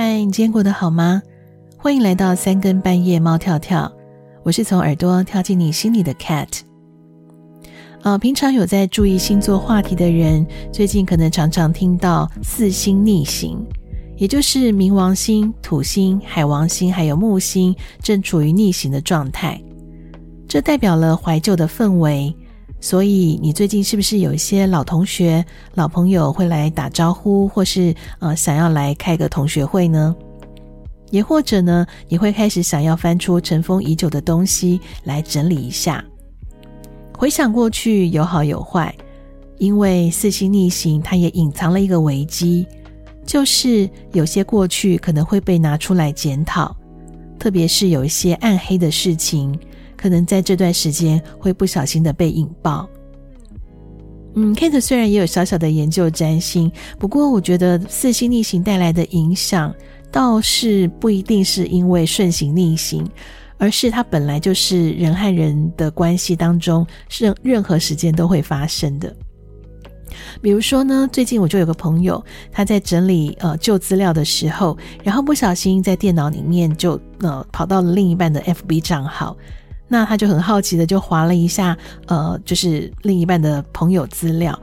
嗨，你今天過得好嗎？歡迎來到三更半夜貓跳跳，我是從耳朵跳進你心裡的 Cat。呃、哦，平常有在注意星座話題的人，最近可能常常聽到四星逆行，也就是冥王星、土星、海王星還有木星正處於逆行的狀態，這代表了懷舊的氛圍。所以，你最近是不是有一些老同學、老朋友會來打招呼，或是呃想要來開個同學會呢？也或者呢，你會開始想要翻出塵封已久的東西來整理一下，回想過去有好有壞。因為水星逆行，它也隱藏了一個危機，就是有些過去可能會被拿出來檢討，特別是有一些暗黑的事情。可能在這段時間會不小心的被引爆。嗯，Kate 雖然也有小小的研究占星，不過我覺得四星逆行帶來的影響倒是不一定是因為順行逆行，而是它本來就是人和人的關係當中任任何時間都會發生的。比如說呢，最近我就有個朋友，他在整理呃舊資料的時候，然後不小心在電腦裡面就呃跑到了另一半的 FB 賬號。那他就很好奇的就滑了一下，呃，就是另一半的朋友資料，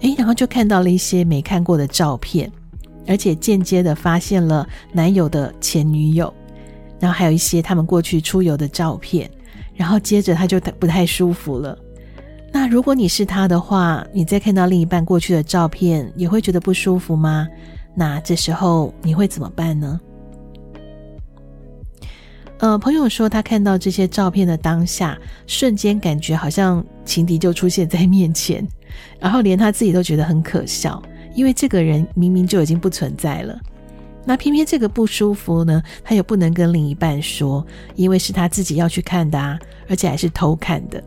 誒，然後就看到了一些沒看過的照片，而且間接的發現了男友的前女友，然後還有一些他們過去出遊的照片，然後接着他就不太舒服了。那如果你是他的話，你再看到另一半過去的照片，也會覺得不舒服嗎？那這時候你會怎麼辦呢？呃，朋友說他看到這些照片的當下，瞬間感覺好像情敵就出現在面前，然後連他自己都覺得很可笑，因為這個人明明就已經不存在了。那偏偏這個不舒服呢，他也不能跟另一半說，因為是他自己要去看的啊，而且還是偷看的。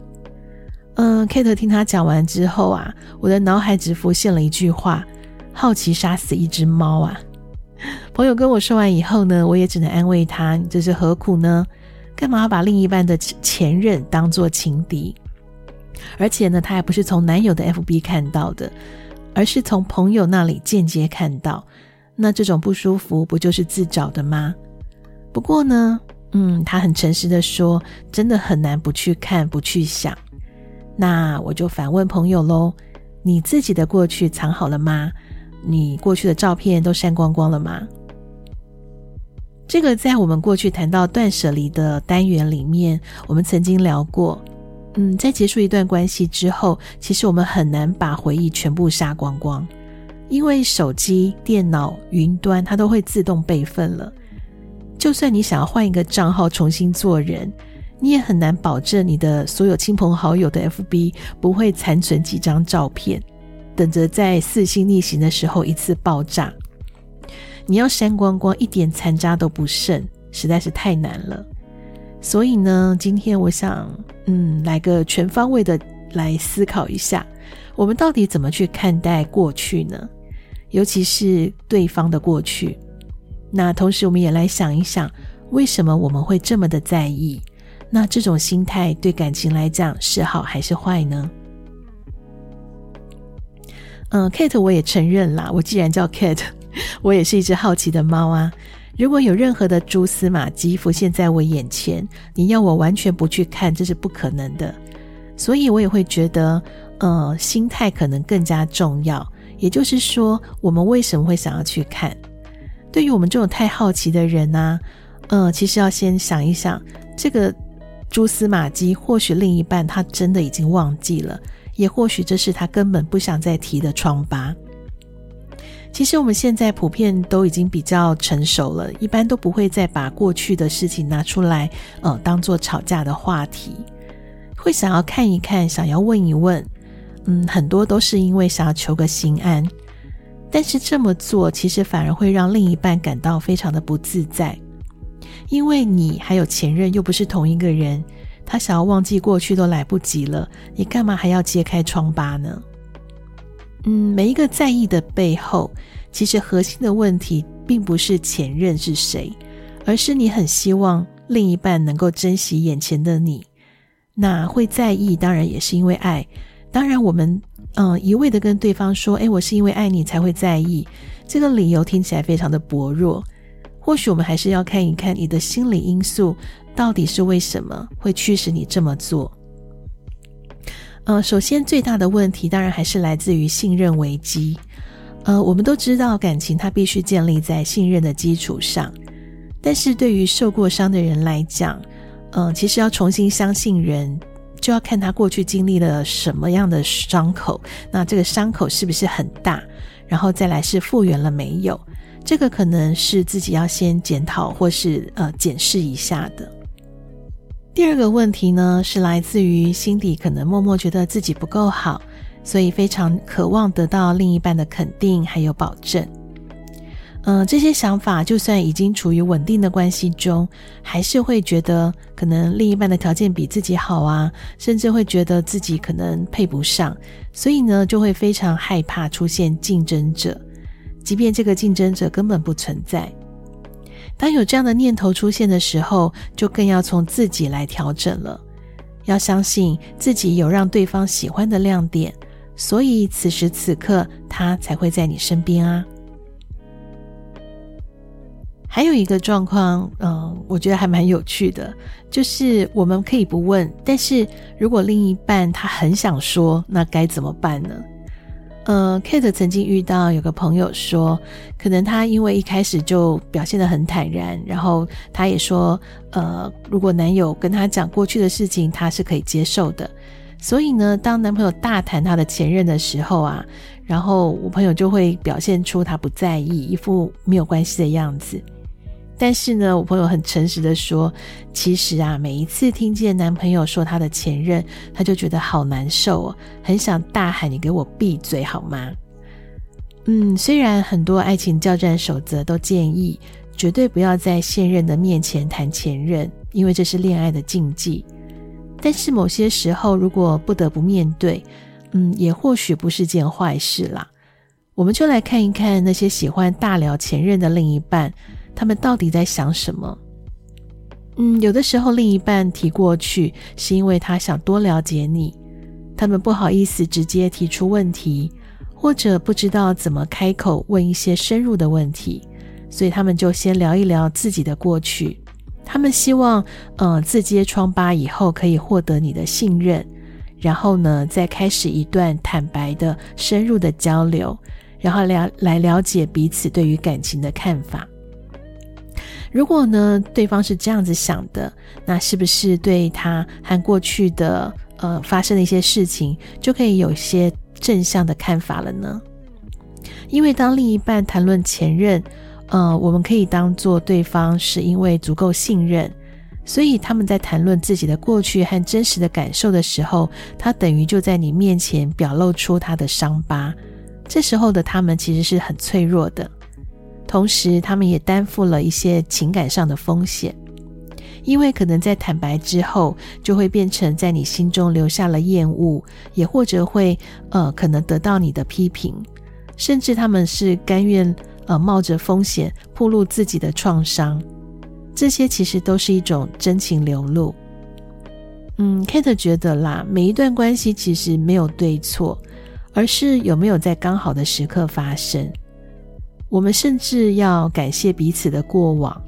嗯，呃，Kate 聽他講完之後啊，我的腦海只浮現了一句話：好奇殺死一隻貓啊。朋友跟我說完以後呢，我也只能安慰他：“你這是何苦呢？幹嘛要把另一半的前任當做情敵？而且呢，他還不是從男友的 FB 看到的，而是從朋友那裡間接看到。那這種不舒服不就是自找的嗎？不過呢，嗯，他很誠實的說，真的很難不去看、不去想。那我就反問朋友嘍：你自己的過去藏好了嗎？”你過去的照片都刪光光了嗎？這個在我們過去談到斷舍離的單元裡面，我們曾經聊過。嗯，在結束一段關係之後，其實我們很難把回憶全部殺光光，因為手機、電腦、雲端它都會自動備份了。就算你想要換一個賬號重新做人，你也很難保證你的所有親朋好友的 FB 不會殘存幾張照片。等着在四星逆行的時候一次爆炸，你要刪光光，一點殘渣都不剩，實在是太難了。所以呢，今天我想，嗯，來個全方位的來思考一下，我們到底怎麼去看待過去呢？尤其是對方的過去。那同時，我們也來想一想，為什麼我們會這麼的在意？那這種心態對感情來講是好還是壞呢？嗯，Kate，我也承認啦。我既然叫 Kate，我也是一只好奇的貓啊。如果有任何的蛛絲馬跡浮現在我眼前，你要我完全不去看，這是不可能的。所以我也會覺得，呃、嗯，心態可能更加重要。也就是說，我們為什麼會想要去看？對於我們這種太好奇的人啊，呃、嗯，其實要先想一想，這個蛛絲馬跡，或許另一半他真的已經忘記了。也或許這是他根本不想再提的瘡疤。其實我們現在普遍都已經比較成熟了，一般都不會再把過去的事情拿出來，呃，當做吵架的話題。會想要看一看，想要問一問，嗯，很多都是因為想要求個心安。但是這麼做，其實反而會讓另一半感到非常的不自在，因為你還有前任，又不是同一個人。他想要忘記過去都來不及了，你幹嘛還要揭開瘡疤呢？嗯，每一個在意的背後，其實核心的問題並不是前任是誰，而是你很希望另一半能夠珍惜眼前的你。那會在意，當然也是因為愛。當然，我們嗯、呃，一味的跟對方說：“哎、欸，我是因為愛你才會在意。”這個理由聽起來非常的薄弱。或許我們還是要看一看你的心理因素到底是為什麼會驅使你這麼做。嗯、呃，首先最大的問題當然還是來自於信任危機。呃，我們都知道感情它必須建立在信任的基礎上，但是對於受過傷的人來講，嗯、呃，其實要重新相信人，就要看他過去經歷了什麼樣的傷口，那這個傷口是不是很大？然後再來是復原了沒有，這個可能是自己要先檢討或是呃檢視一下的。第二個問題呢，是來自於心底可能默默覺得自己不夠好，所以非常渴望得到另一半的肯定還有保證。嗯，這些想法就算已經處於穩定的關係中，還是會覺得可能另一半的條件比自己好啊，甚至會覺得自己可能配不上，所以呢，就會非常害怕出現競爭者，即便這個競爭者根本不存在。當有這樣的念頭出現的時候，就更要從自己來調整了，要相信自己有讓對方喜歡的亮點，所以此時此刻他才會在你身邊啊。還有一個狀況，嗯、呃，我覺得還蠻有趣的，就是我們可以不問，但是如果另一半他很想說，那該怎麼辦呢？呃，Kate 曾經遇到有個朋友說，可能他因為一開始就表現得很坦然，然後他也說，呃，如果男友跟他講過去的事情，他是可以接受的。所以呢，當男朋友大談他的前任的時候啊，然後我朋友就會表現出他不在意，一副沒有關係的樣子。但是呢，我朋友很誠實的說，其實啊，每一次聽見男朋友說他的前任，他就覺得好難受哦，很想大喊“你給我閉嘴，好嗎？”嗯，雖然很多愛情教戰守則都建議絕對不要在現任的面前談前任，因為這是戀愛的禁忌。但是某些時候，如果不得不面對，嗯，也或許不是件壞事啦。我們就來看一看那些喜歡大聊前任的另一半。他們到底在想什麼？嗯，有的時候另一半提過去，是因為他想多了解你。他們不好意思直接提出問題，或者不知道怎麼開口問一些深入的問題，所以他們就先聊一聊自己的過去。他們希望，嗯、呃，自揭瘡疤以後可以獲得你的信任，然後呢，再開始一段坦白的、深入的交流，然後了來了解彼此對於感情的看法。如果呢，對方是這樣子想的，那是不是對他和過去的，呃，發生的一些事情就可以有一些正向的看法了呢？因為當另一半談論前任，呃，我們可以當做對方是因為足夠信任，所以他們在談論自己的過去和真實的感受的時候，他等於就在你面前表露出他的傷疤。這時候的他們其實是很脆弱的。同時，他們也擔負了一些情感上的風險，因為可能在坦白之後，就會變成在你心中留下了厭惡，也或者會，呃，可能得到你的批評，甚至他們是甘願，呃，冒着風險暴露自己的創傷，這些其實都是一種真情流露。嗯，Kate 覺得啦，每一段關係其實沒有對錯，而是有沒有在剛好的時刻發生。我們甚至要感謝彼此的過往，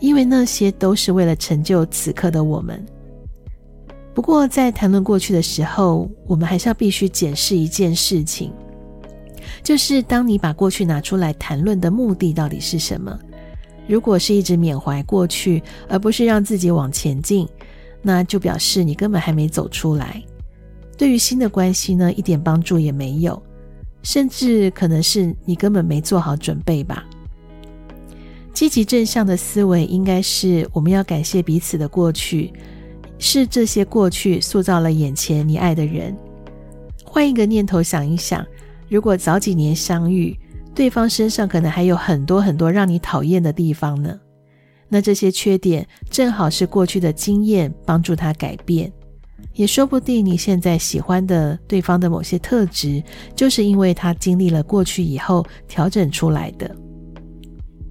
因為那些都是為了成就此刻的我們。不過，在談論過去的時候，我們還是要必須檢視一件事情，就是當你把過去拿出來談論的目的到底是什麼？如果是一直緬懷過去，而不是讓自己往前進，那就表示你根本還沒走出來，對於新的關係呢，一點幫助也沒有。甚至可能是你根本沒做好準備吧。積極正向的思維應該是我們要感謝彼此的過去，是這些過去塑造了眼前你愛的人。換一個念頭想一想，如果早幾年相遇，對方身上可能還有很多很多讓你討厭的地方呢。那這些缺點正好是過去的經驗幫助他改變。也說不定，你現在喜歡的對方的某些特質，就是因為他經歷了過去以後調整出來的。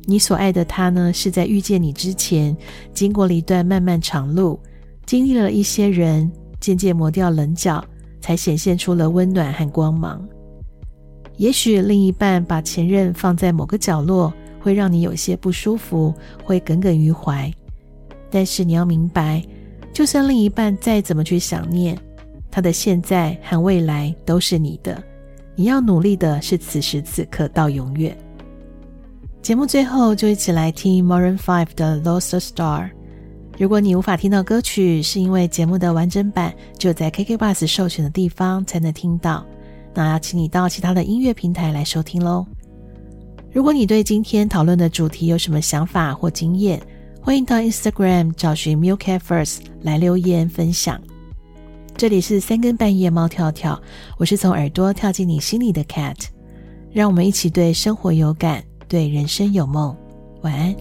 你所愛的他呢，是在遇見你之前，經過了一段漫漫長路，經歷了一些人，漸漸磨掉稜角，才顯現出了溫暖和光芒。也許另一半把前任放在某個角落，會讓你有些不舒服，會耿耿於懷。但是你要明白，就算另一半再怎麼去想念，他的現在和未來都是你的。你要努力的是此時此刻到永遠。節目最後就一起來聽 Maroon 5的《Lost Stars》。如果你無法聽到歌曲，是因為節目的完整版只有在 KKBOX 授權的地方才能聽到，那要請你到其他的音樂平台來收聽嘍。如果你對今天討論的主題有什麼想法或經驗，歡迎到 Instagram 找尋 Milk Cat First 來留言分享。這裡是三更半夜貓跳跳，我是從耳朵跳進你心裡的 Cat，讓我們一起對生活有感，對人生有夢。晚安。